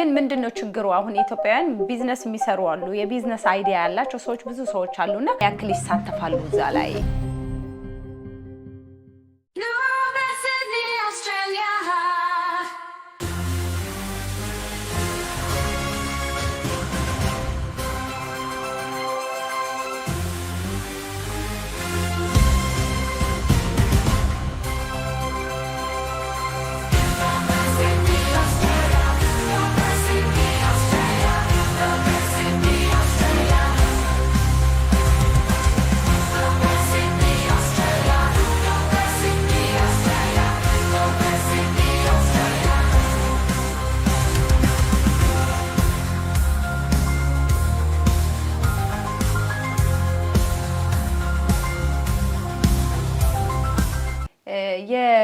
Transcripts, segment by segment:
ግን ምንድን ነው ችግሩ? አሁን ኢትዮጵያውያን ቢዝነስ የሚሰሩ አሉ፣ የቢዝነስ አይዲያ ያላቸው ሰዎች ብዙ ሰዎች አሉና ያክል ይሳተፋሉ እዛ ላይ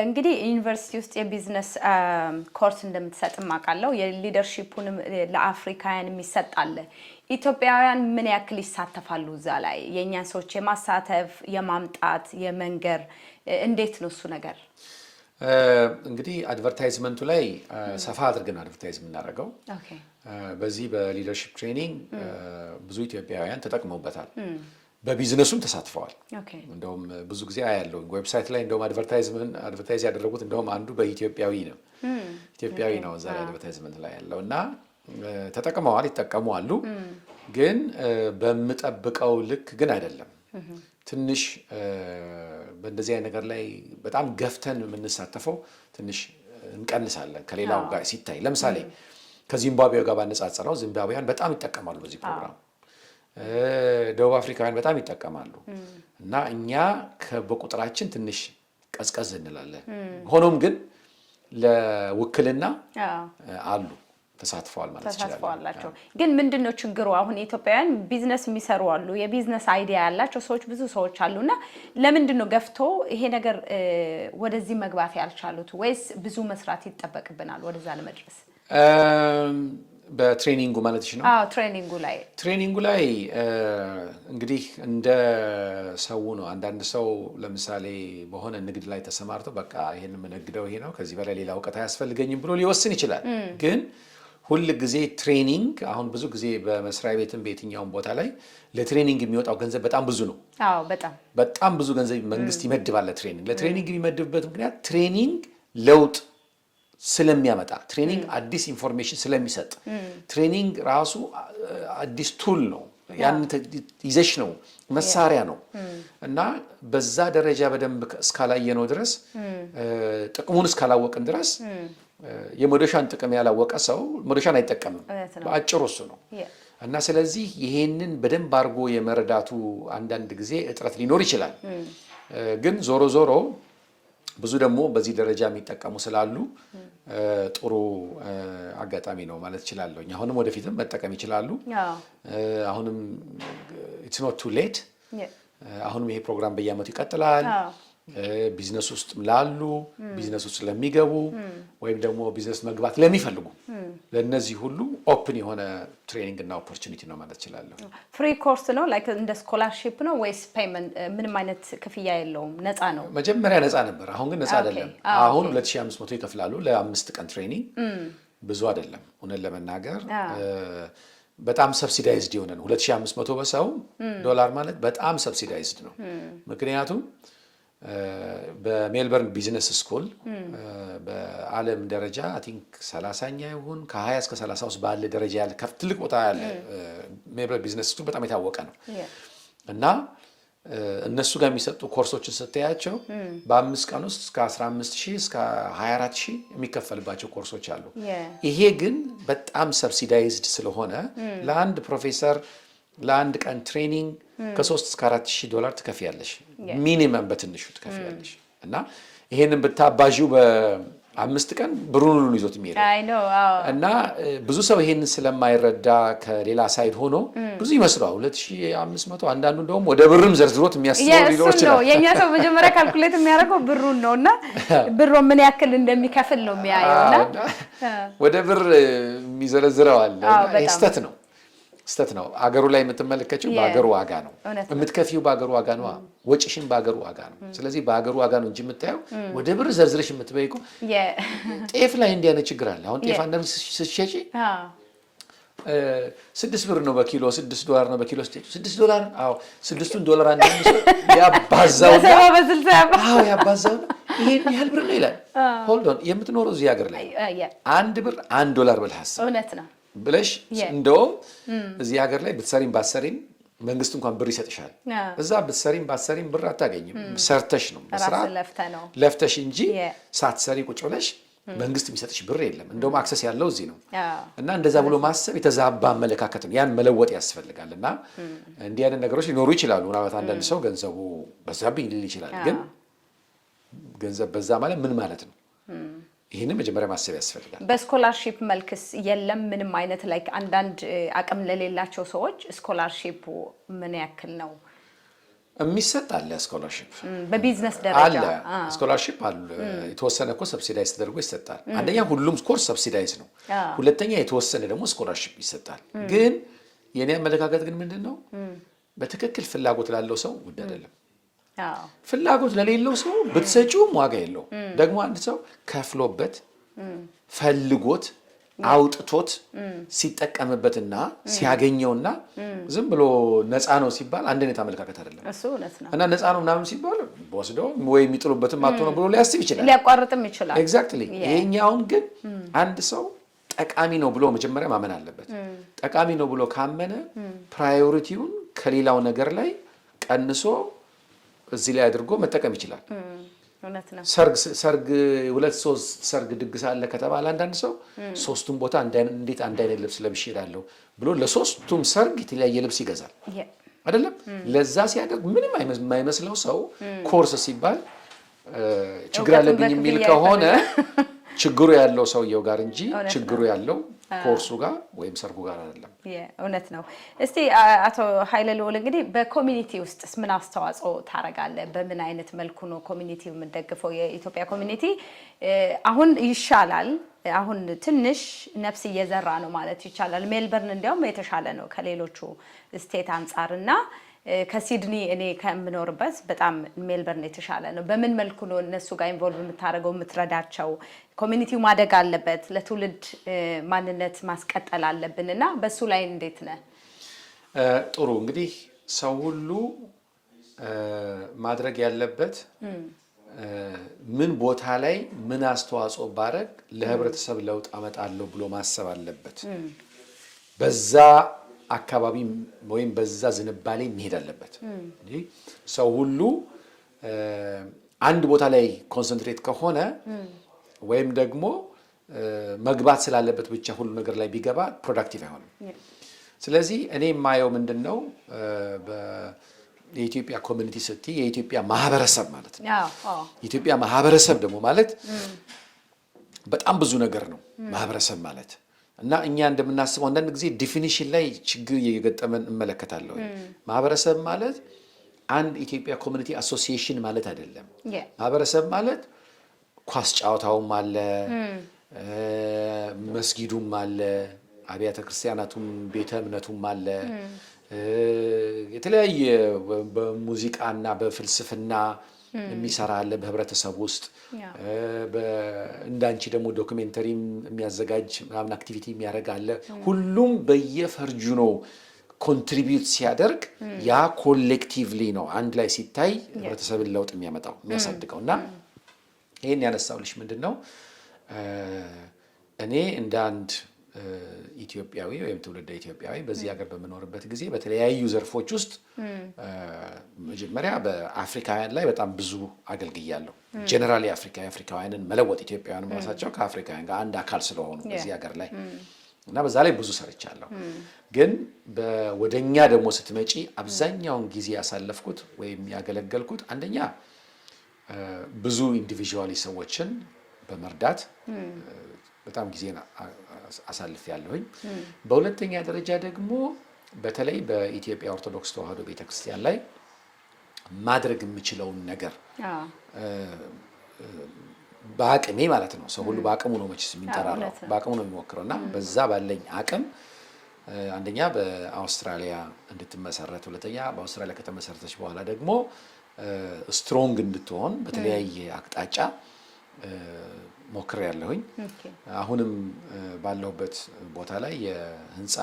እንግዲህ ዩኒቨርሲቲ ውስጥ የቢዝነስ ኮርስ እንደምትሰጥ አውቃለሁ። የሊደርሺፑንም ለአፍሪካውያን የሚሰጥ አለ። ኢትዮጵያውያን ምን ያክል ይሳተፋሉ እዛ ላይ? የእኛን ሰዎች የማሳተፍ የማምጣት የመንገር እንዴት ነው እሱ ነገር? እንግዲህ አድቨርታይዝመንቱ ላይ ሰፋ አድርገን አድቨርታይዝ የምናደርገው በዚህ በሊደርሺፕ ትሬኒንግ ብዙ ኢትዮጵያውያን ተጠቅመውበታል። በቢዝነሱም ተሳትፈዋል። እንደውም ብዙ ጊዜ አያለው ዌብሳይት ላይ እንደውም አድቨርታይዝ ያደረጉት እንደውም አንዱ በኢትዮጵያዊ ነው ኢትዮጵያዊ ነው እዛ አድቨርታይዝመንት ላይ ያለው እና ተጠቅመዋል፣ ይጠቀሙ አሉ። ግን በምጠብቀው ልክ ግን አይደለም። ትንሽ በእንደዚህ ነገር ላይ በጣም ገፍተን የምንሳተፈው ትንሽ እንቀንሳለን ከሌላው ጋር ሲታይ። ለምሳሌ ከዚምባብዌ ጋር ባነጻጸረው ዚምባብያን በጣም ይጠቀማሉ በዚህ ፕሮግራም ደቡብ አፍሪካውያን በጣም ይጠቀማሉ እና እኛ በቁጥራችን ትንሽ ቀዝቀዝ እንላለን። ሆኖም ግን ለውክልና አሉ ተሳትፈዋል ማለት ተሳትፈዋላቸው። ግን ምንድን ነው ችግሩ? አሁን ኢትዮጵያውያን ቢዝነስ የሚሰሩ አሉ፣ የቢዝነስ አይዲያ ያላቸው ሰዎች ብዙ ሰዎች አሉ እና ለምንድን ነው ገፍቶ ይሄ ነገር ወደዚህ መግባት ያልቻሉት? ወይስ ብዙ መስራት ይጠበቅብናል ወደዛ ለመድረስ? በትሬኒንጉ ማለት ነው። ትሬኒንጉ ላይ ትሬኒንጉ ላይ እንግዲህ እንደ ሰው ነው። አንዳንድ ሰው ለምሳሌ በሆነ ንግድ ላይ ተሰማርቶ በቃ ይሄን የምነግደው ይሄ ነው፣ ከዚህ በላይ ሌላ እውቀት አያስፈልገኝም ብሎ ሊወስን ይችላል። ግን ሁል ጊዜ ትሬኒንግ አሁን ብዙ ጊዜ በመስሪያ ቤትም በየትኛውም ቦታ ላይ ለትሬኒንግ የሚወጣው ገንዘብ በጣም ብዙ ነው። በጣም ብዙ ገንዘብ መንግስት ይመድባል ለትሬኒንግ። ለትሬኒንግ የሚመድብበት ምክንያት ትሬኒንግ ለውጥ ስለሚያመጣ ትሬኒንግ አዲስ ኢንፎርሜሽን ስለሚሰጥ ትሬኒንግ ራሱ አዲስ ቱል ነው። ያን ይዘሽ ነው መሳሪያ ነው እና በዛ ደረጃ በደንብ እስካላየነው ድረስ ጥቅሙን እስካላወቅን ድረስ የመዶሻን ጥቅም ያላወቀ ሰው መዶሻን አይጠቀምም። በአጭሩ እሱ ነው እና ስለዚህ ይሄንን በደንብ አድርጎ የመረዳቱ አንዳንድ ጊዜ እጥረት ሊኖር ይችላል። ግን ዞሮ ዞሮ ብዙ ደግሞ በዚህ ደረጃ የሚጠቀሙ ስላሉ ጥሩ አጋጣሚ ነው ማለት እችላለሁኝ። አሁንም ወደፊትም መጠቀም ይችላሉ። አሁንም ኢትስ ኖት ቱ ሌት። አሁንም ይሄ ፕሮግራም በየአመቱ ይቀጥላል። ቢዝነስ ውስጥ ላሉ ቢዝነስ ውስጥ ለሚገቡ ወይም ደግሞ ቢዝነስ መግባት ለሚፈልጉ ለእነዚህ ሁሉ ኦፕን የሆነ ትሬኒንግ እና ኦፖርቹኒቲ ነው ማለት እችላለሁ። ፍሪ ኮርስ ነው ላይክ እንደ ስኮላርሺፕ ነው ወይስ ፔይመንት? ምንም አይነት ክፍያ የለውም፣ ነፃ ነው። መጀመሪያ ነፃ ነበር፣ አሁን ግን ነፃ አይደለም። አሁን 2500 ይከፍላሉ ለአምስት ቀን ትሬኒንግ። ብዙ አይደለም እውነት ለመናገር በጣም ሰብሲዳይዝድ የሆነ ነው። 2500 በሰው ዶላር ማለት በጣም ሰብሲዳይዝድ ነው። ምክንያቱም በሜልበርን ቢዝነስ ስኩል በዓለም ደረጃ አይ ቲንክ ሰላሳኛ ይሁን ከሀያ እስከ ሰላሳ ውስጥ ባለ ደረጃ ያለ ከፍ ትልቅ ቦታ ያለ ሜልበርን ቢዝነስ ስኩል በጣም የታወቀ ነው እና እነሱ ጋር የሚሰጡ ኮርሶችን ስታያቸው በአምስት ቀን ውስጥ እስከ 15 ሺህ እስከ 24 ሺህ የሚከፈልባቸው ኮርሶች አሉ። ይሄ ግን በጣም ሰብሲዳይዝድ ስለሆነ mm. ለአንድ ፕሮፌሰር ለአንድ ቀን ትሬኒንግ ከሶስት እስከ አራት ሺህ ዶላር ትከፍያለሽ። ሚኒመም በትንሹ ትከፍያለሽ እና ይሄንን ብታባዢው በአምስት ቀን ብሩን ሁሉ ይዞት የሚሄድ እና ብዙ ሰው ይሄንን ስለማይረዳ ከሌላ ሳይድ ሆኖ ብዙ ይመስለዋል። ሁለት ሺህ አምስት መቶ አንዳንዱ እንደውም ወደ ብርም ዘርዝሮት የሚያስበው ሊኖር ይችላል። የእኛ ሰው መጀመሪያ ካልኩሌት የሚያደርገው ብሩን ነው እና ብሮ ምን ያክል እንደሚከፍል ነው የሚያየው ወደ ብር የሚዘረዝረዋል። ስህተት ነው። ስተት ነው። አገሩ ላይ የምትመለከችው በአገሩ ዋጋ ነው የምትከፊው፣ በአገሩ ዋጋ ነው ወጪሽን፣ በአገሩ ዋጋ ነው። ስለዚህ በአገሩ ዋጋ ነው እንጂ የምታየው ወደ ብር ዘርዝረሽ የምትበይቁ። ጤፍ ላይ እንዲያነ ችግር አለ። አሁን ጤፍ አንዳንድ ስትሸጪ ስድስት ብር ነው በኪሎ፣ ስድስት ዶላር ነው በኪሎ ስትሄዱ፣ ስድስት ዶላር አዎ፣ ስድስቱን ዶላር አንዳንድ ሰው ያባዛውና ያባዛው ይሄን ያህል ብር ነው ይላል። ሆልዶን የምትኖረው እዚህ ሀገር ላይ አንድ ብር አንድ ዶላር ብለህ አስብ። እውነት ነው ብለሽ እንደውም mm. እዚህ ሀገር ላይ ብትሰሪም ባሰሪም መንግስት እንኳን ብር ይሰጥሻል። እዛ ብትሰሪም ባሰሪም ብር አታገኝም። mm. ሰርተሽ ነው ለፍተሽ እንጂ ሳትሰሪ ቁጭ ብለሽ mm. መንግስት የሚሰጥሽ ብር የለም። እንደውም አክሰስ ያለው እዚህ ነው እና እንደዛ ብሎ ማሰብ የተዛባ አመለካከት ነው። ያን መለወጥ ያስፈልጋል። እና እንዲህ አይነት ነገሮች ሊኖሩ ይችላሉ። ምናልባት አንዳንድ ሰው ገንዘቡ በዛብኝ ሊል ይችላል። ግን ገንዘብ በዛ ማለት ምን ማለት ነው? ይህንን መጀመሪያ ማሰብ ያስፈልጋል። በስኮላርሺፕ መልክስ የለም ምንም አይነት ላይ አንዳንድ አቅም ለሌላቸው ሰዎች ስኮላርሺፕ ምን ያክል ነው የሚሰጥ? አለ ስኮላርሺፕ በቢዝነስ ደረጃ አለ ስኮላርሺፕ አሉ። የተወሰነ እኮ ሰብሲዳይዝ ተደርጎ ይሰጣል። አንደኛ ሁሉም ኮርስ ሰብሲዳይዝ ነው። ሁለተኛ የተወሰነ ደግሞ ስኮላርሺፕ ይሰጣል። ግን የኔ አመለካከት ግን ምንድን ነው በትክክል ፍላጎት ላለው ሰው ውድ አይደለም። ፍላጎት ለሌለው ሰው ብትሰጪውም ዋጋ የለው ደግሞ አንድ ሰው ከፍሎበት ፈልጎት አውጥቶት ሲጠቀምበትና ሲያገኘውና ዝም ብሎ ነፃ ነው ሲባል አንድ አይነት አመለካከት አይደለም እና ነፃ ነው ምናምን ሲባል ወስደው ወይ የሚጥሉበትም አቶ ነው ብሎ ሊያስብ ይችላል፣ ሊያቋርጥም ይችላል። ኤግዛክትሊ። ይሄኛውን ግን አንድ ሰው ጠቃሚ ነው ብሎ መጀመሪያ ማመን አለበት። ጠቃሚ ነው ብሎ ካመነ ፕራዮሪቲውን ከሌላው ነገር ላይ ቀንሶ እዚህ ላይ አድርጎ መጠቀም ይችላል። ሰርግ ሁለት ሶስት ሰርግ ድግስ አለ ከተባለ አንዳንድ ሰው ሶስቱም ቦታ እንዴት አንድ አይነት ልብስ ለብሼ እሄዳለሁ ብሎ ለሶስቱም ሰርግ የተለያየ ልብስ ይገዛል አይደለም። ለዛ ሲያደርግ ምንም የማይመስለው ሰው ኮርስ ሲባል ችግር አለብኝ የሚል ከሆነ ችግሩ ያለው ሰውየው ጋር እንጂ ችግሩ ያለው ኮርሱ ጋር ወይም ሰርጉ ጋር አይደለም። እውነት ነው። እስቲ አቶ ሀይለ ልውል እንግዲህ በኮሚኒቲ ውስጥስ ምን አስተዋጽኦ ታደርጋለህ? በምን አይነት መልኩ ነው ኮሚኒቲ የምንደግፈው? የኢትዮጵያ ኮሚኒቲ አሁን ይሻላል፣ አሁን ትንሽ ነፍስ እየዘራ ነው ማለት ይቻላል። ሜልበርን እንዲያውም የተሻለ ነው ከሌሎቹ ስቴት አንጻር እና ከሲድኒ እኔ ከምኖርበት በጣም ሜልበርን የተሻለ ነው። በምን መልኩ ነው እነሱ ጋር ኢንቮልቭ የምታደርገው የምትረዳቸው? ኮሚኒቲው ማደግ አለበት፣ ለትውልድ ማንነት ማስቀጠል አለብን እና በሱ ላይ እንዴት ነህ? ጥሩ እንግዲህ ሰው ሁሉ ማድረግ ያለበት ምን ቦታ ላይ ምን አስተዋጽኦ ባረግ ለህብረተሰብ ለውጥ አመጣለሁ ብሎ ማሰብ አለበት። በዛ አካባቢ ወይም በዛ ዝንባሌ መሄድ አለበት። ሰው ሁሉ አንድ ቦታ ላይ ኮንሰንትሬት ከሆነ ወይም ደግሞ መግባት ስላለበት ብቻ ሁሉ ነገር ላይ ቢገባ ፕሮዳክቲቭ አይሆንም። ስለዚህ እኔ የማየው ምንድን ነው የኢትዮጵያ ኮሚኒቲ ስቲ የኢትዮጵያ ማህበረሰብ ማለት ነው። የኢትዮጵያ ማህበረሰብ ደግሞ ማለት በጣም ብዙ ነገር ነው ማህበረሰብ ማለት እና እኛ እንደምናስበው አንዳንድ ጊዜ ዲፊኒሽን ላይ ችግር እየገጠመን እመለከታለሁ። ማህበረሰብ ማለት አንድ ኢትዮጵያ ኮሚኒቲ አሶሲዬሽን ማለት አይደለም። ማህበረሰብ ማለት ኳስ ጨዋታውም አለ፣ መስጊዱም አለ፣ አብያተ ክርስቲያናቱም ቤተ እምነቱም አለ፣ የተለያየ በሙዚቃና በፍልስፍና የሚሰራ አለ በህብረተሰብ ውስጥ እንዳንቺ ደግሞ ዶክሜንተሪ የሚያዘጋጅ ምናምን አክቲቪቲ የሚያደርግ አለ። ሁሉም በየፈርጁ ነው ኮንትሪቢዩት ሲያደርግ ያ ኮሌክቲቭሊ ነው አንድ ላይ ሲታይ ህብረተሰብን ለውጥ የሚያመጣው የሚያሳድገው። እና ይህን ልሽ ምንድን ነው እኔ እንደ አንድ ኢትዮጵያዊ ወይም ትውልደ ኢትዮጵያዊ በዚህ ሀገር በምኖርበት ጊዜ በተለያዩ ዘርፎች ውስጥ መጀመሪያ በአፍሪካውያን ላይ በጣም ብዙ አገልግያለሁ። ጀነራል አፍሪካ አፍሪካውያንን መለወጥ ኢትዮጵያውያን ራሳቸው ከአፍሪካውያን ጋር አንድ አካል ስለሆኑ በዚህ ሀገር ላይ እና በዛ ላይ ብዙ ሰርቻለሁ። ግን ወደኛ ደግሞ ስትመጪ አብዛኛውን ጊዜ ያሳለፍኩት ወይም ያገለገልኩት አንደኛ ብዙ ኢንዲቪዥዋሊ ሰዎችን በመርዳት በጣም ጊዜ አሳልፍ ያለሁኝ። በሁለተኛ ደረጃ ደግሞ በተለይ በኢትዮጵያ ኦርቶዶክስ ተዋህዶ ቤተክርስቲያን ላይ ማድረግ የምችለውን ነገር በአቅሜ ማለት ነው። ሰው ሁሉ በአቅሙ ነው መችስ የሚንጠራራው በአቅሙ ነው የሚሞክረው እና በዛ ባለኝ አቅም አንደኛ በአውስትራሊያ እንድትመሰረት፣ ሁለተኛ በአውስትራሊያ ከተመሰረተች በኋላ ደግሞ ስትሮንግ እንድትሆን በተለያየ አቅጣጫ ሞክሬ ያለሁኝ። አሁንም ባለሁበት ቦታ ላይ የህንፃ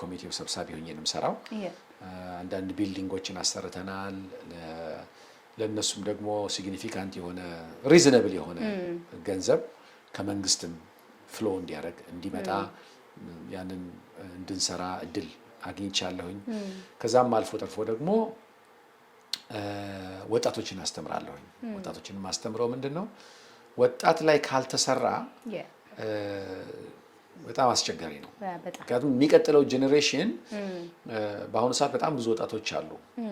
ኮሚቴው ሰብሳቢ ሆኜ ነው የምሰራው። አንዳንድ ቢልዲንጎችን አሰርተናል። ለእነሱም ደግሞ ሲግኒፊካንት የሆነ ሪዝነብል የሆነ ገንዘብ ከመንግስትም ፍሎ እንዲያደርግ እንዲመጣ ያንን እንድንሰራ እድል አግኝቻለሁኝ። ከዛም አልፎ ተርፎ ደግሞ ወጣቶችን አስተምራለሁ ወጣቶችን የማስተምረው ምንድን ነው ወጣት ላይ ካልተሰራ በጣም አስቸጋሪ ነው። ምክንያቱም የሚቀጥለው ጄኔሬሽን በአሁኑ ሰዓት በጣም ብዙ ወጣቶች አሉ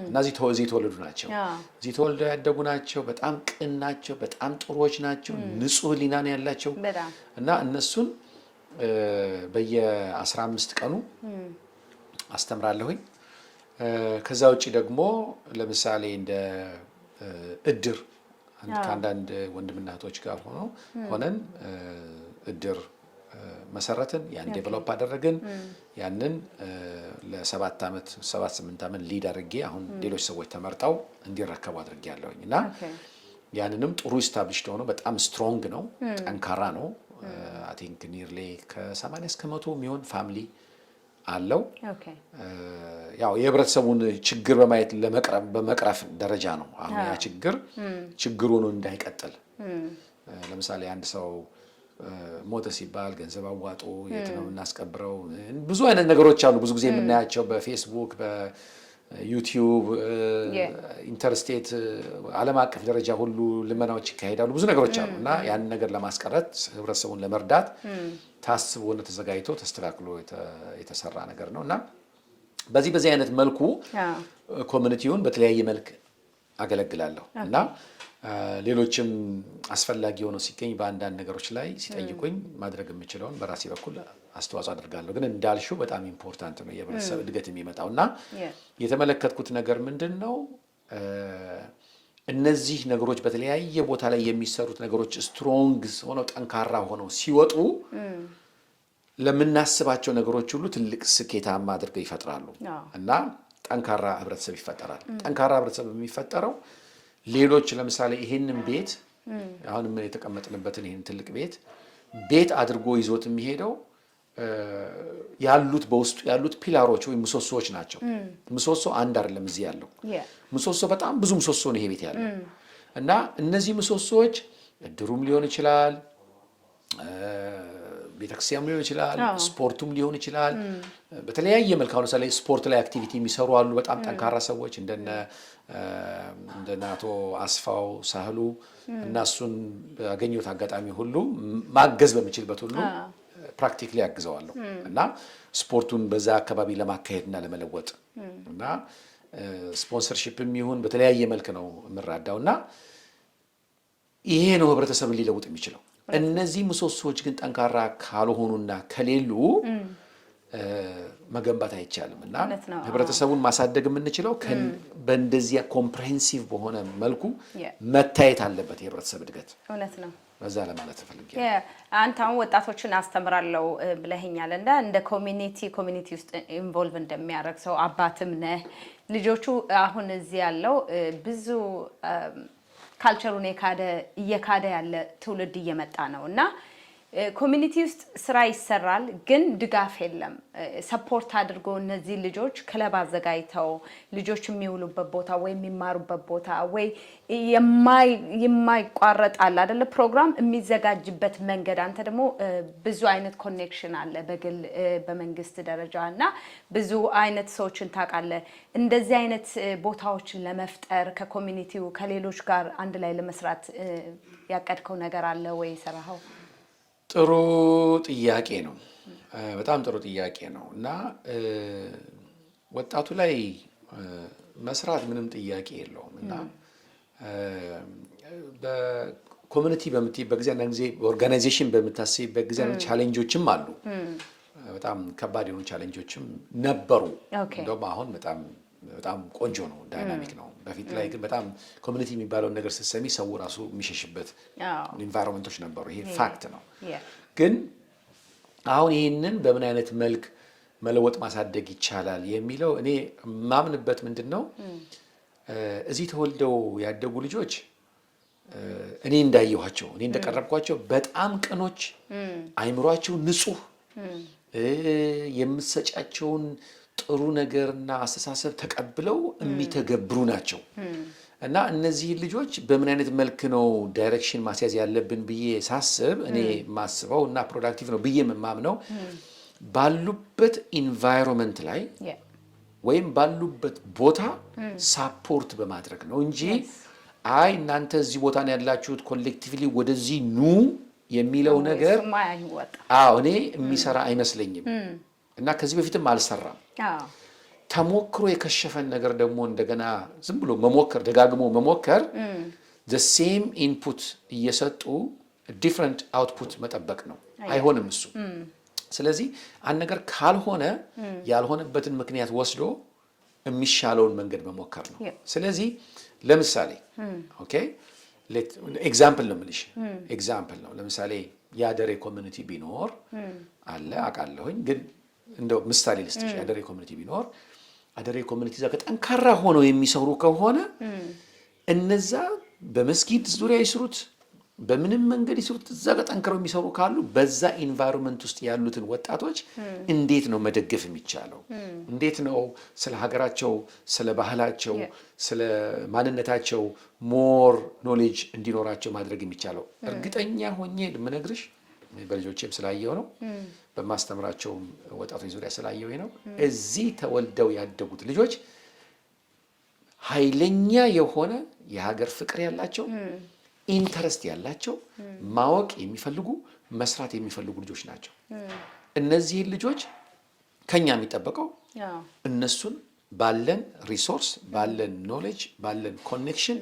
እና እዚህ የተወለዱ ናቸው፣ እዚህ የተወልደው ያደጉ ናቸው። በጣም ቅን ናቸው፣ በጣም ጥሩዎች ናቸው፣ ንጹህ ሊናን ነው ያላቸው እና እነሱን በየ 15 አምስት ቀኑ አስተምራለሁኝ ከዛ ውጭ ደግሞ ለምሳሌ እንደ እድር ከአንዳንድ ወንድምናቶች ጋር ሆኖ ሆነን እድር መሰረትን ያን ዴቨሎፕ አደረግን። ያንን ለሰባት ዓመት ሰባት ስምንት ዓመት ሊድ አድርጌ አሁን ሌሎች ሰዎች ተመርጠው እንዲረከቡ አድርጌ ያለውኝ እና ያንንም ጥሩ ኢስታብሊሽድ ሆኖ በጣም ስትሮንግ ነው፣ ጠንካራ ነው። አይ ቲንክ ኒርሊ ከ እስከ መቶ የሚሆን ፋሚሊ አለው። ያው የህብረተሰቡን ችግር በማየት በመቅረፍ ደረጃ ነው። አሁን ያ ችግር ችግሩ ሆኖ እንዳይቀጥል ለምሳሌ አንድ ሰው ሞተ ሲባል ገንዘብ አዋጡ፣ የት ነው የምናስቀብረው፣ ብዙ አይነት ነገሮች አሉ። ብዙ ጊዜ የምናያቸው በፌስቡክ ዩቲዩብ፣ ኢንተርስቴት፣ አለም አቀፍ ደረጃ ሁሉ ልመናዎች ይካሄዳሉ። ብዙ ነገሮች አሉ እና ያንን ነገር ለማስቀረት ህብረተሰቡን ለመርዳት ታስቦና ተዘጋጅቶ ተስተካክሎ የተሰራ ነገር ነው እና በዚህ በዚህ አይነት መልኩ ኮሚኒቲውን በተለያየ መልክ አገለግላለሁ እና ሌሎችም አስፈላጊ ሆኖ ሲገኝ በአንዳንድ ነገሮች ላይ ሲጠይቁኝ ማድረግ የምችለውን በራሴ በኩል አስተዋጽኦ አድርጋለሁ። ግን እንዳልሽው በጣም ኢምፖርታንት ነው የህብረተሰብ እድገት የሚመጣው እና የተመለከትኩት ነገር ምንድን ነው እነዚህ ነገሮች በተለያየ ቦታ ላይ የሚሰሩት ነገሮች ስትሮንግ ሆነው ጠንካራ ሆነው ሲወጡ ለምናስባቸው ነገሮች ሁሉ ትልቅ ስኬታማ አድርገው ይፈጥራሉ እና ጠንካራ ህብረተሰብ ይፈጠራል። ጠንካራ ህብረተሰብ የሚፈጠረው ሌሎች ለምሳሌ ይሄንን ቤት አሁን ምን የተቀመጥንበትን ይህን ትልቅ ቤት ቤት አድርጎ ይዞት የሚሄደው ያሉት በውስጡ ያሉት ፒላሮች ወይም ምሰሶዎች ናቸው። ምሰሶ አንድ አይደለም እዚህ ያለው ምሰሶ፣ በጣም ብዙ ምሰሶ ነው ይሄ ቤት ያለው mm. እና እነዚህ ምሰሶዎች እድሩም ሊሆን ይችላል፣ ቤተክርስቲያኑ ሊሆን ይችላል፣ ስፖርቱም ሊሆን ይችላል፣ mm. በተለያየ መልክ አሁን ለምሳሌ ስፖርት ላይ አክቲቪቲ የሚሰሩ አሉ። በጣም ጠንካራ ሰዎች እንደነ እንደነ አቶ አስፋው ሳህሉ እና እሱን ባገኘሁት አጋጣሚ ሁሉ ማገዝ በምችልበት ሁሉ ፕራክቲክሊ ያግዘዋለሁ እና ስፖርቱን በዛ አካባቢ ለማካሄድና ለመለወጥ እና ስፖንሰርሽፕም ይሁን በተለያየ መልክ ነው የምራዳው እና ይሄ ነው ህብረተሰብን ሊለውጥ የሚችለው። እነዚህ ምሰሶዎች ግን ጠንካራ ካልሆኑና ከሌሉ መገንባት አይቻልም እና ህብረተሰቡን ማሳደግ የምንችለው በእንደዚያ ኮምፕሬሄንሲቭ በሆነ መልኩ መታየት አለበት የህብረተሰብ እድገት። እውነት ነው። በዛ ለማለት ፈልግ አንተ አሁን ወጣቶችን አስተምራለው ብለኸኛል እና እንደ ኮሚኒቲ ኮሚኒቲ ውስጥ ኢንቮልቭ እንደሚያደርግ ሰው አባትም ነህ። ልጆቹ አሁን እዚህ ያለው ብዙ ካልቸሩን እየካደ ያለ ትውልድ እየመጣ ነው እና ኮሚኒቲ ውስጥ ስራ ይሰራል፣ ግን ድጋፍ የለም። ሰፖርት አድርጎ እነዚህ ልጆች ክለብ አዘጋጅተው ልጆች የሚውሉበት ቦታ ወይ የሚማሩበት ቦታ ወይ የማይቋረጣል አደለ ፕሮግራም የሚዘጋጅበት መንገድ። አንተ ደግሞ ብዙ አይነት ኮኔክሽን አለ በግል በመንግስት ደረጃ እና ብዙ አይነት ሰዎችን ታውቃለህ። እንደዚህ አይነት ቦታዎችን ለመፍጠር ከኮሚኒቲው ከሌሎች ጋር አንድ ላይ ለመስራት ያቀድከው ነገር አለ ወይ ሰራኸው? ጥሩ ጥያቄ ነው። በጣም ጥሩ ጥያቄ ነው እና ወጣቱ ላይ መስራት ምንም ጥያቄ የለውም እና በኮሚኒቲ በምትይበት ጊዜ አንዳንድ ጊዜ ኦርጋናይዜሽን በምታስይበት ጊዜ ቻሌንጆችም አሉ። በጣም ከባድ የሆኑ ቻሌንጆችም ነበሩ። እንደውም አሁን በጣም በጣም ቆንጆ ነው፣ ዳይናሚክ ነው። በፊት ላይ ግን በጣም ኮሚኒቲ የሚባለውን ነገር ስትሰሚ ሰው ራሱ የሚሸሽበት ኢንቫይሮንመንቶች ነበሩ። ይሄ ፋክት ነው። ግን አሁን ይህንን በምን አይነት መልክ መለወጥ ማሳደግ ይቻላል የሚለው እኔ ማምንበት ምንድን ነው እዚህ ተወልደው ያደጉ ልጆች እኔ እንዳየኋቸው እኔ እንደቀረብኳቸው በጣም ቅኖች፣ አይምሯቸው ንጹህ የምሰጫቸውን ጥሩ ነገርና አስተሳሰብ ተቀብለው የሚተገብሩ ናቸው እና እነዚህ ልጆች በምን አይነት መልክ ነው ዳይሬክሽን ማስያዝ ያለብን ብዬ ሳስብ እኔ ማስበው እና ፕሮዳክቲቭ ነው ብዬ የምማምነው ባሉበት ኢንቫይሮንመንት ላይ ወይም ባሉበት ቦታ ሳፖርት በማድረግ ነው እንጂ አይ እናንተ እዚህ ቦታ ነው ያላችሁት፣ ኮሌክቲቭሊ ወደዚህ ኑ የሚለው ነገር እኔ የሚሰራ አይመስለኝም። እና ከዚህ በፊትም አልሰራም። ተሞክሮ የከሸፈን ነገር ደግሞ እንደገና ዝም ብሎ መሞከር ደጋግሞ መሞከር ሴም ኢንፑት እየሰጡ ዲፍረንት አውትፑት መጠበቅ ነው። አይሆንም እሱ። ስለዚህ አንድ ነገር ካልሆነ ያልሆነበትን ምክንያት ወስዶ የሚሻለውን መንገድ መሞከር ነው። ስለዚህ ለምሳሌ ኤግዛምፕል ነው የምልሽ፣ ኤግዛምፕል ነው። ለምሳሌ የአደሬ ኮሚኒቲ ቢኖር አለ አውቃለሁኝ ግን እንደው ምሳሌ ልስጥሽ። አደሬ ኮሚኒቲ ቢኖር አደሬ ኮሚኒቲ እዛ ከጠንካራ ሆነው የሚሰሩ ከሆነ እነዛ በመስጊድ ዙሪያ ይስሩት በምንም መንገድ ይስሩት እዛ ጋር ጠንክረው የሚሰሩ ካሉ በዛ ኢንቫይሮንመንት ውስጥ ያሉትን ወጣቶች እንዴት ነው መደገፍ የሚቻለው? እንዴት ነው ስለ ሀገራቸው፣ ስለ ባህላቸው፣ ስለ ማንነታቸው ሞር ኖሌጅ እንዲኖራቸው ማድረግ የሚቻለው? እርግጠኛ ሆኜ ልምነግርሽ በልጆችም ስላየው ነው፣ በማስተምራቸውም ወጣቶች ዙሪያ ስላየው ነው። እዚህ ተወልደው ያደጉት ልጆች ኃይለኛ የሆነ የሀገር ፍቅር ያላቸው ኢንተረስት ያላቸው ማወቅ የሚፈልጉ መስራት የሚፈልጉ ልጆች ናቸው። እነዚህን ልጆች ከኛ የሚጠበቀው እነሱን ባለን ሪሶርስ ባለን ኖሌጅ ባለን ኮኔክሽን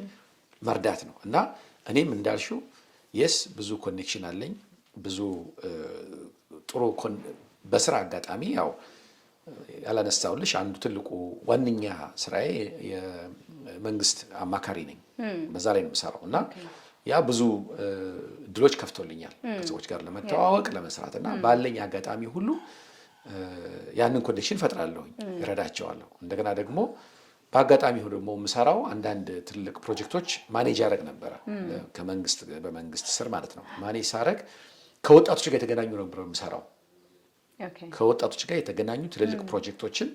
መርዳት ነው እና እኔም እንዳልሽው የስ ብዙ ኮኔክሽን አለኝ ብዙ ጥሩ በስራ አጋጣሚ ያው ያላነሳውልሽ አንዱ ትልቁ ዋነኛ ስራዬ የመንግስት አማካሪ ነኝ። በዛ ላይ ነው የምሰራው እና ያ ብዙ እድሎች ከፍቶልኛል ከሰዎች ጋር ለመተዋወቅ ለመስራት እና ባለኝ አጋጣሚ ሁሉ ያንን ኮኔክሽን እፈጥራለሁኝ፣ እረዳቸዋለሁ። እንደገና ደግሞ በአጋጣሚ ደግሞ የምሰራው አንዳንድ ትልቅ ፕሮጀክቶች ማኔጅ ያደረግ ነበረ ከመንግስት በመንግስት ስር ማለት ነው ማኔጅ ሳረግ ከወጣቶች ጋር የተገናኙ ነበር የምሰራው። ከወጣቶች ጋር የተገናኙ ትልልቅ ፕሮጀክቶችን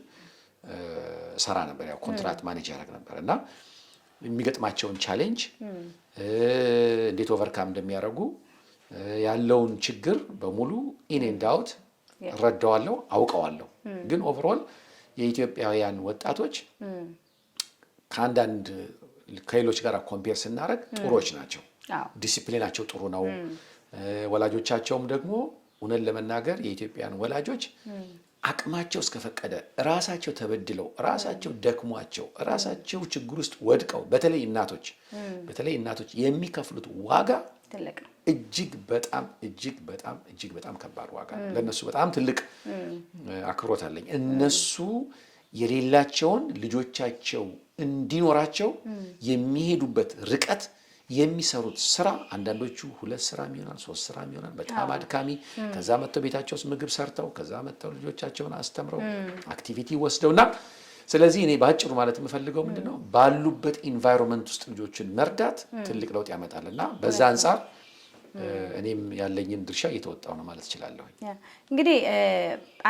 ሰራ ነበር። ያው ኮንትራት ማኔጅ ያደረግ ነበር እና የሚገጥማቸውን ቻሌንጅ እንዴት ኦቨርካም እንደሚያደርጉ ያለውን ችግር በሙሉ ኢን ኤንድ አውት አውቀዋለሁ። ግን ኦቨሮል የኢትዮጵያውያን ወጣቶች ከአንዳንድ ከሌሎች ጋር ኮምፔር ስናደርግ ጥሩዎች ናቸው። ዲሲፕሊናቸው ጥሩ ነው። ወላጆቻቸውም ደግሞ እውነት ለመናገር የኢትዮጵያን ወላጆች አቅማቸው እስከፈቀደ ራሳቸው ተበድለው ራሳቸው ደክሟቸው ራሳቸው ችግር ውስጥ ወድቀው በተለይ እናቶች በተለይ እናቶች የሚከፍሉት ዋጋ እጅግ በጣም እጅግ በጣም እጅግ በጣም ከባድ ዋጋ ለነሱ ለእነሱ በጣም ትልቅ አክብሮት አለኝ። እነሱ የሌላቸውን ልጆቻቸው እንዲኖራቸው የሚሄዱበት ርቀት የሚሰሩት ስራ አንዳንዶቹ ሁለት ስራ ይሆናል፣ ሶስት ስራ ይሆናል። በጣም አድካሚ። ከዛ መጥተው ቤታቸው ውስጥ ምግብ ሰርተው ከዛ መጥተው ልጆቻቸውን አስተምረው አክቲቪቲ ወስደውና ስለዚህ እኔ በአጭሩ ማለት የምፈልገው ምንድነው ባሉበት ኢንቫይሮንመንት ውስጥ ልጆችን መርዳት ትልቅ ለውጥ ያመጣልና በዛ አንጻር እኔም ያለኝን ድርሻ እየተወጣው ነው ማለት እችላለሁ። እንግዲህ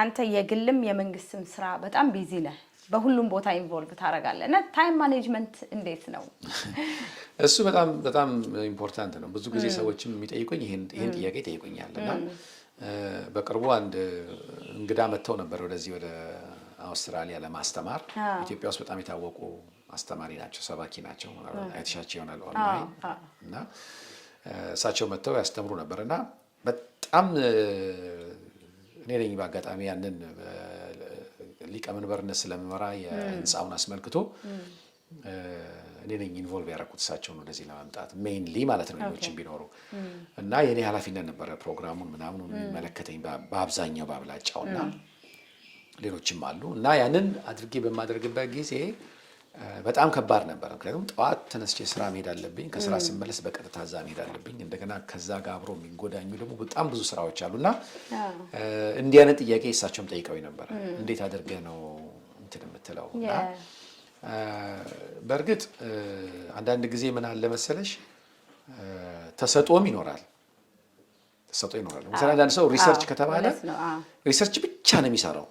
አንተ የግልም የመንግስትም ስራ በጣም ቢዚ ነህ፣ በሁሉም ቦታ ኢንቮልቭ ታደርጋለህ እና ታይም ማኔጅመንት እንዴት ነው? እሱ በጣም በጣም ኢምፖርታንት ነው። ብዙ ጊዜ ሰዎችም የሚጠይቁኝ ይህን ጥያቄ ይጠይቁኛል እና በቅርቡ አንድ እንግዳ መጥተው ነበር ወደዚህ ወደ አውስትራሊያ ለማስተማር ኢትዮጵያ ውስጥ በጣም የታወቁ አስተማሪ ናቸው፣ ሰባኪ ናቸው። አይተሻቸው ይሆናል ኦንላይን እና እሳቸው መጥተው ያስተምሩ ነበር እና በጣም እኔ ነኝ በአጋጣሚ ያንን ሊቀመንበርነት ስለምመራ የህንፃውን አስመልክቶ እኔ ነኝ ኢንቮልቭ ያደረኩት እሳቸውን ወደዚህ ለማምጣት ሜይንሊ ማለት ነው። ሌሎች ቢኖሩ እና የኔ ኃላፊነት ነበረ ፕሮግራሙን ምናምኑ የሚመለከተኝ በአብዛኛው በአብላጫው እና ሌሎችም አሉ እና ያንን አድርጌ በማደርግበት ጊዜ በጣም ከባድ ነበር። ምክንያቱም ጠዋት ተነስቼ ስራ መሄድ አለብኝ፣ ከስራ ስመለስ በቀጥታ እዛ መሄድ አለብኝ። እንደገና ከዛ ጋር አብሮ የሚጎዳኙ ደግሞ በጣም ብዙ ስራዎች አሉና እንዲህ አይነት ጥያቄ እሳቸውም ጠይቀው ነበር፣ እንዴት አድርገህ ነው እንትን የምትለው? በእርግጥ አንዳንድ ጊዜ ምን አለ መሰለሽ ተሰጦም ይኖራል ተሰጦ ይኖራል። አንዳንድ ሰው ሪሰርች ከተባለ ሪሰርች ብቻ ነው የሚሰራው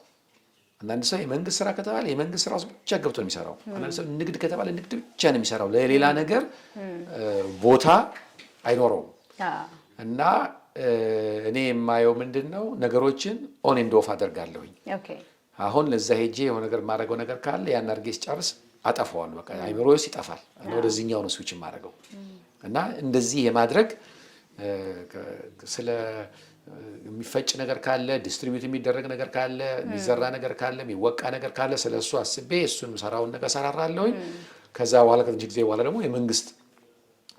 አንዳንድ ሰው የመንግስት ስራ ከተባለ የመንግስት ስራ ብቻ ገብቶ ነው የሚሰራው። አንዳንድ ሰው ንግድ ከተባለ ንግድ ብቻ ነው የሚሰራው። ለሌላ ነገር ቦታ አይኖረውም። እና እኔ የማየው ምንድን ነው ነገሮችን ኦን ኤንድ ኦፍ አደርጋለሁኝ። አሁን ለዛ ሄጄ የሆነ ነገር የማደርገው ነገር ካለ ያን አድርጌ ስጨርስ አጠፋዋለሁ። በቃ አይምሮ ውስጥ ይጠፋል። ወደዚህኛው ነው ስዊች የማደርገው እና እንደዚህ የማድረግ ስለ የሚፈጭ ነገር ካለ ዲስትሪቢዩት የሚደረግ ነገር ካለ የሚዘራ ነገር ካለ የሚወቃ ነገር ካለ ስለ እሱ አስቤ እሱን ሰራውን ነገር ሰራራለሁ። ከዛ በኋላ ከትንሽ ጊዜ በኋላ ደግሞ የመንግስት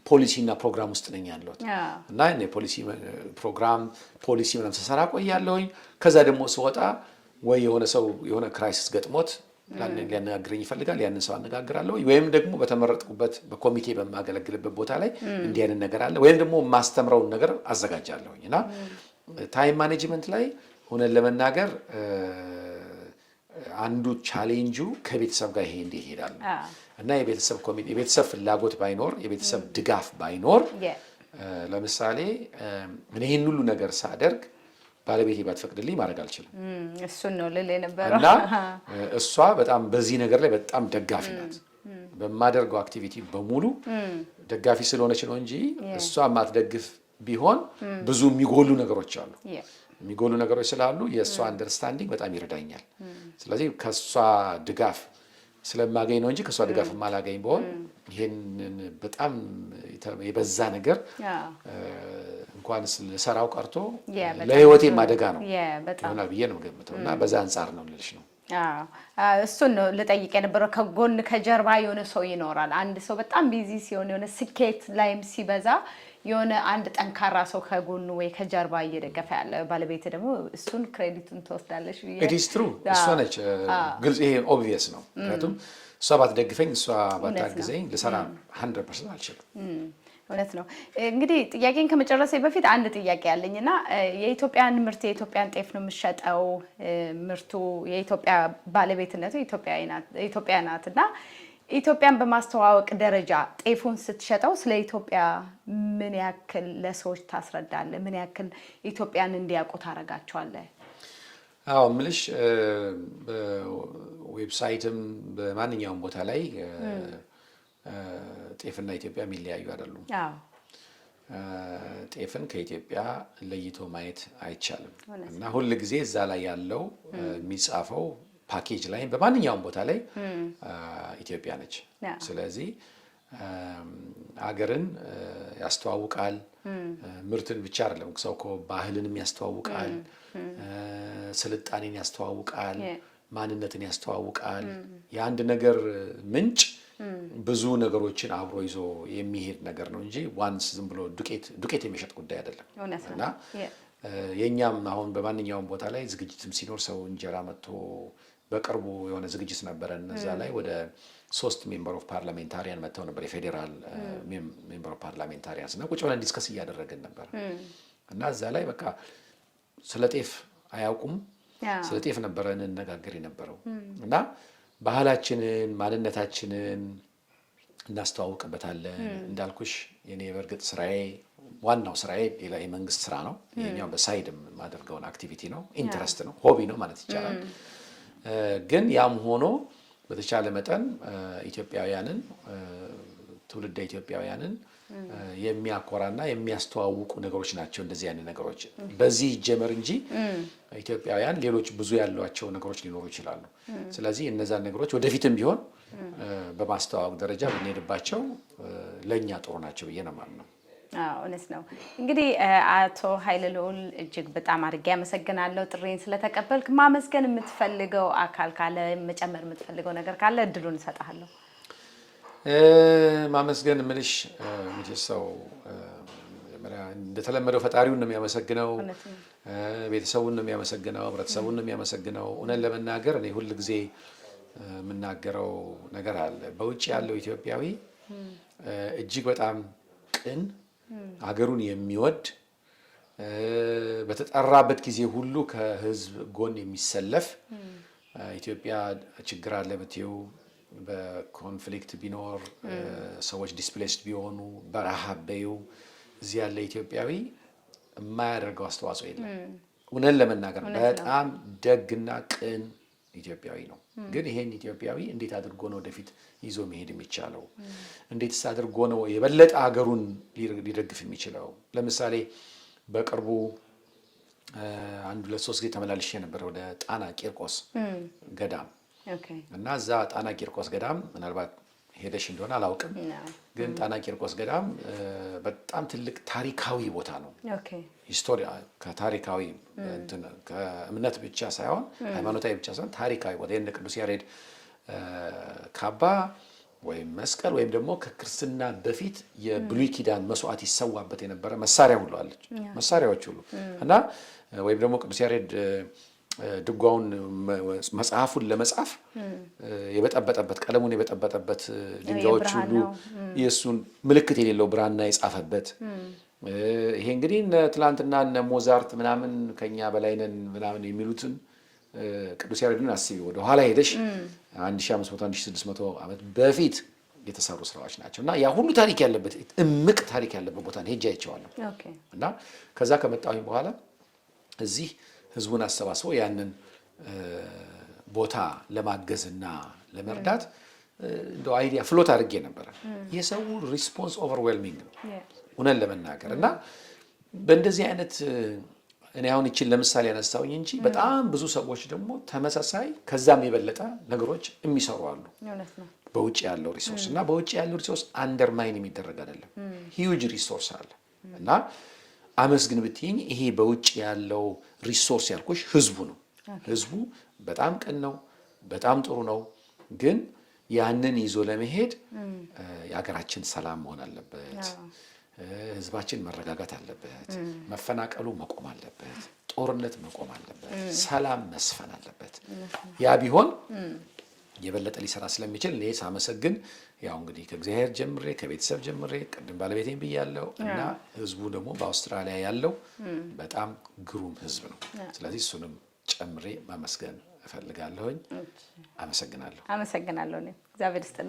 ፖሊሲና ፕሮግራም ውስጥ ነኝ ያለሁት እና የፖሊሲ ፕሮግራም ፖሊሲ ምናምን ስሰራ ቆያለሁኝ። ከዛ ደግሞ ስወጣ ወይ የሆነ ሰው የሆነ ክራይሲስ ገጥሞት ሊያነጋግረኝ ይፈልጋል። ያንን ሰው አነጋግራለሁ። ወይም ደግሞ በተመረጥኩበት በኮሚቴ በማገለግልበት ቦታ ላይ እንዲህ አይነት ነገር አለ ወይም ደግሞ የማስተምረውን ነገር አዘጋጃለሁኝ እና ታይም ማኔጅመንት ላይ ሆነን ለመናገር አንዱ ቻሌንጁ ከቤተሰብ ጋር ይሄ እንዲህ ይሄዳል እና የቤተሰብ የቤተሰብ ፍላጎት ባይኖር የቤተሰብ ድጋፍ ባይኖር ለምሳሌ እኔ ይህን ሁሉ ነገር ሳደርግ ባለቤት ባትፈቅድልኝ ማድረግ አልችልም። እሱን ነው ልል የነበረው እና እሷ በጣም በዚህ ነገር ላይ በጣም ደጋፊ ናት። በማደርገው አክቲቪቲ በሙሉ ደጋፊ ስለሆነች ነው እንጂ እሷ የማትደግፍ ቢሆን ብዙ የሚጎሉ ነገሮች አሉ። የሚጎሉ ነገሮች ስላሉ የእሷ አንደርስታንዲንግ በጣም ይረዳኛል። ስለዚህ ከእሷ ድጋፍ ስለማገኝ ነው እንጂ ከእሷ ድጋፍ ማላገኝ በሆን ይህንን በጣም የበዛ ነገር እንኳን ልሰራው ቀርቶ ለህይወቴ ማደጋ ነው ሆና ብዬ ነው ገምተው እና በዛ አንጻር ነው ልልሽ ነው። እሱን ነው ልጠይቅ የነበረው። ከጎን ከጀርባ የሆነ ሰው ይኖራል። አንድ ሰው በጣም ቢዚ ሲሆን የሆነ ስኬት ላይም ሲበዛ የሆነ አንድ ጠንካራ ሰው ከጎኑ ወይ ከጀርባ እየደገፈ ያለ ባለቤት ደግሞ እሱን ክሬዲቱን ትወስዳለች። ኢዲስትሩ እሷ ነች። ግልጽ ይሄ ኦብቪየስ ነው። ምክንያቱም እሷ ባትደግፈኝ፣ እሷ ባታግዘኝ ልሰራ ሀንድረድ ፐርሰንት አልችልም። እውነት ነው። እንግዲህ ጥያቄን ከመጨረሴ በፊት አንድ ጥያቄ ያለኝ እና የኢትዮጵያን ምርት የኢትዮጵያን ጤፍ ነው የምሸጠው ምርቱ የኢትዮጵያ ባለቤትነቱ ኢትዮጵያ ናት እና ኢትዮጵያን በማስተዋወቅ ደረጃ ጤፉን ስትሸጠው ስለ ኢትዮጵያ ምን ያክል ለሰዎች ታስረዳለህ? ምን ያክል ኢትዮጵያን እንዲያውቁ ታደርጋቸዋለህ? አዎ ምልሽ በዌብሳይትም በማንኛውም ቦታ ላይ ጤፍና ኢትዮጵያ የሚለያዩ አይደሉም። ጤፍን ከኢትዮጵያ ለይቶ ማየት አይቻልም እና ሁል ጊዜ እዛ ላይ ያለው የሚጻፈው ፓኬጅ ላይ በማንኛውም ቦታ ላይ ኢትዮጵያ ነች። ስለዚህ ሀገርን ያስተዋውቃል። ምርትን ብቻ አይደለም ሰው እኮ ባህልንም ያስተዋውቃል፣ ስልጣኔን ያስተዋውቃል፣ ማንነትን ያስተዋውቃል። የአንድ ነገር ምንጭ ብዙ ነገሮችን አብሮ ይዞ የሚሄድ ነገር ነው እንጂ ዋንስ ዝም ብሎ ዱቄት የሚሸጥ ጉዳይ አይደለም እና የእኛም አሁን በማንኛውም ቦታ ላይ ዝግጅትም ሲኖር ሰው እንጀራ መጥቶ በቅርቡ የሆነ ዝግጅት ነበረን። እዛ ላይ ወደ ሶስት ሜምበር ኦፍ ፓርላሜንታሪያን መጥተው ነበር፣ የፌዴራል ሜምበር ኦፍ ፓርላሜንታሪያንስ እና ቁጭ ብለን ዲስከስ እያደረግን ነበር እና እዛ ላይ በቃ ስለ ጤፍ አያውቁም። ስለ ጤፍ ነበረ እንነጋገር የነበረው እና ባህላችንን ማንነታችንን እናስተዋውቅበታለን። እንዳልኩሽ የኔ በእርግጥ ስራዬ ዋናው ስራዬ ሌላ የመንግስት ስራ ነው። ይሄኛው በሳይድ የማደርገውን አክቲቪቲ ነው፣ ኢንትረስት ነው፣ ሆቢ ነው ማለት ይቻላል። ግን ያም ሆኖ በተቻለ መጠን ኢትዮጵያውያንን ትውልደ ኢትዮጵያውያንን የሚያኮራና የሚያስተዋውቁ ነገሮች ናቸው። እንደዚህ አይነት ነገሮች በዚህ ይጀመር እንጂ ኢትዮጵያውያን ሌሎች ብዙ ያሏቸው ነገሮች ሊኖሩ ይችላሉ። ስለዚህ እነዛን ነገሮች ወደፊትም ቢሆን በማስተዋወቅ ደረጃ ብንሄድባቸው ለእኛ ጥሩ ናቸው ብዬ ነው የማምነው። እውነት ነው። እንግዲህ አቶ ኃይለ ልዑል እጅግ በጣም አድርጌ ያመሰግናለሁ ጥሬን ስለተቀበልክ። ማመስገን የምትፈልገው አካል ካለ፣ መጨመር የምትፈልገው ነገር ካለ እድሉን እሰጥሃለሁ። ማመስገን ምልሽ እንግዲህ ሰው እንደተለመደው ፈጣሪውን ነው የሚያመሰግነው፣ ቤተሰቡን ነው የሚያመሰግነው፣ ህብረተሰቡን ነው የሚያመሰግነው። እውነት ለመናገር እኔ ሁል ጊዜ የምናገረው ነገር አለ። በውጭ ያለው ኢትዮጵያዊ እጅግ በጣም ቅን አገሩን የሚወድ በተጠራበት ጊዜ ሁሉ ከህዝብ ጎን የሚሰለፍ ኢትዮጵያ ችግር አለ ብትው በኮንፍሊክት ቢኖር ሰዎች ዲስፕሌስድ ቢሆኑ በረሃብ በዩ እዚህ ያለ ኢትዮጵያዊ የማያደርገው አስተዋጽኦ የለም። እውነን ለመናገር በጣም ደግና ቅን ኢትዮጵያዊ ነው። ግን ይሄን ኢትዮጵያዊ እንዴት አድርጎ ነው ወደፊት ይዞ መሄድ የሚቻለው? እንዴትስ አድርጎ ነው የበለጠ ሀገሩን ሊደግፍ የሚችለው? ለምሳሌ በቅርቡ አንድ ሁለት ሶስት ጊዜ ተመላልሼ ነበር ወደ ጣና ቂርቆስ ገዳም እና እዛ ጣና ቂርቆስ ገዳም ምናልባት ሄደሽ እንደሆነ አላውቅም፣ ግን ጣና ቂርቆስ ገዳም በጣም ትልቅ ታሪካዊ ቦታ ነው። ሂስቶሪያ ከታሪካዊ ከእምነት ብቻ ሳይሆን ሃይማኖታዊ ብቻ ሳይሆን ታሪካዊ ቦታ የእነ ቅዱስ ያሬድ ካባ ወይም መስቀል ወይም ደግሞ ከክርስትና በፊት የብሉይ ኪዳን መስዋዕት ይሰዋበት የነበረ መሳሪያ ሁሉ አለች መሳሪያዎች ሁሉ እና ወይም ደግሞ ቅዱስ ያሬድ ድጓውን መጽሐፉን ለመጻፍ የበጠበጠበት ቀለሙን የበጠበጠበት ድንጋዮች ሁሉ የእሱን ምልክት የሌለው ብራና የጻፈበት ይሄ እንግዲህ ትላንትና እነ ሞዛርት ምናምን ከኛ በላይነን ምናምን የሚሉትን ቅዱስ ያሬድን አስቢ። ወደ ኋላ ሄደሽ 1500 1600 ዓመት በፊት የተሰሩ ስራዎች ናቸው እና ያ ሁሉ ታሪክ ያለበት እምቅ ታሪክ ያለበት ቦታ ሄጃ አይቼዋለሁ እና ከዛ ከመጣሁኝ በኋላ እዚህ ህዝቡን አሰባስቦ ያንን ቦታ ለማገዝና ለመርዳት እንደ አይዲያ ፍሎት አድርጌ ነበረ። የሰው ሪስፖንስ ኦቨርዌልሚንግ ነው እውነን ለመናገር እና በእንደዚህ አይነት እኔ አሁን ይችን ለምሳሌ ያነሳውኝ እንጂ በጣም ብዙ ሰዎች ደግሞ ተመሳሳይ ከዛም የበለጠ ነገሮች የሚሰሩ አሉ። በውጭ ያለው ሪሶርስ እና በውጭ ያለው ሪሶርስ አንደርማይን የሚደረግ አይደለም። ሂዩጅ ሪሶርስ አለ እና አመስግን ብትይኝ ይሄ በውጭ ያለው ሪሶርስ ያልኩሽ ህዝቡ ነው። ህዝቡ በጣም ቅን ነው፣ በጣም ጥሩ ነው። ግን ያንን ይዞ ለመሄድ የሀገራችን ሰላም መሆን አለበት። ህዝባችን መረጋጋት አለበት። መፈናቀሉ መቆም አለበት። ጦርነት መቆም አለበት። ሰላም መስፈን አለበት። ያ ቢሆን የበለጠ ሊሰራ ስለሚችል እኔ ሳመሰግን ያው እንግዲህ ከእግዚአብሔር ጀምሬ ከቤተሰብ ጀምሬ ቅድም ባለቤቴን ያለው እና ህዝቡ ደግሞ በአውስትራሊያ ያለው በጣም ግሩም ህዝብ ነው። ስለዚህ እሱንም ጨምሬ ማመስገን እፈልጋለሁኝ። አመሰግናለሁ። አመሰግናለሁ። እግዚአብሔር ይስጥ።